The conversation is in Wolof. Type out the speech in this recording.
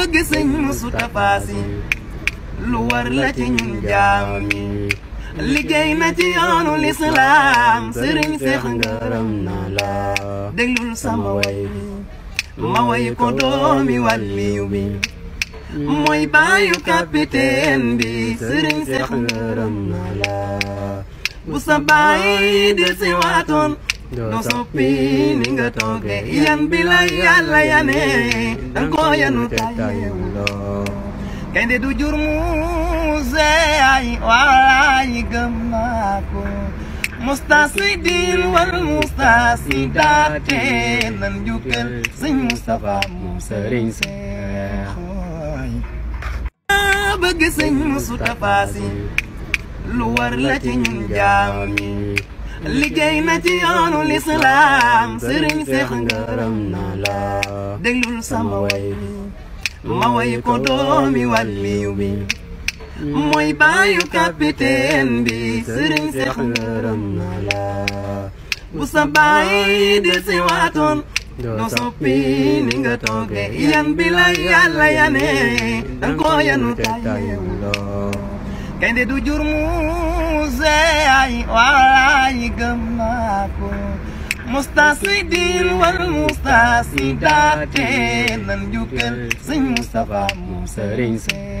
bëgg sëñ Moustapha Sy lu war la ci ñun jaam ñi liggéey na ci yoonu lislaam sëriñ na la déglul sama way ma way ko doomi wàlliyu bi mooy baayu capitaine bi sëriñ Seex ngërëm na la bu sa di si Noso pininga toge iyan bila iyalayane ang koya no tayo ulo kende dujur mu ze ay walay gamako musta sidil wal musta sidate nan yukel sing mustafa mu sering se bagi sing mustafa si luar lacing jamin liggéey na ci yoonu lislaam sëriñ Seex ngërëm na la déglul sama way ma way ko doomi wàlliyu mooy baayu capitaine bi sëriñ Seex ngërëm na la bu sa baay di si waatoon doo ni nga tooge yan bi la yàlla yane danga ko yanu tayewu loo gaynde du jur muuse والله والله gëmmaako mustasidiin wal mustasidaat nan jukkal sëñ Moustapha moom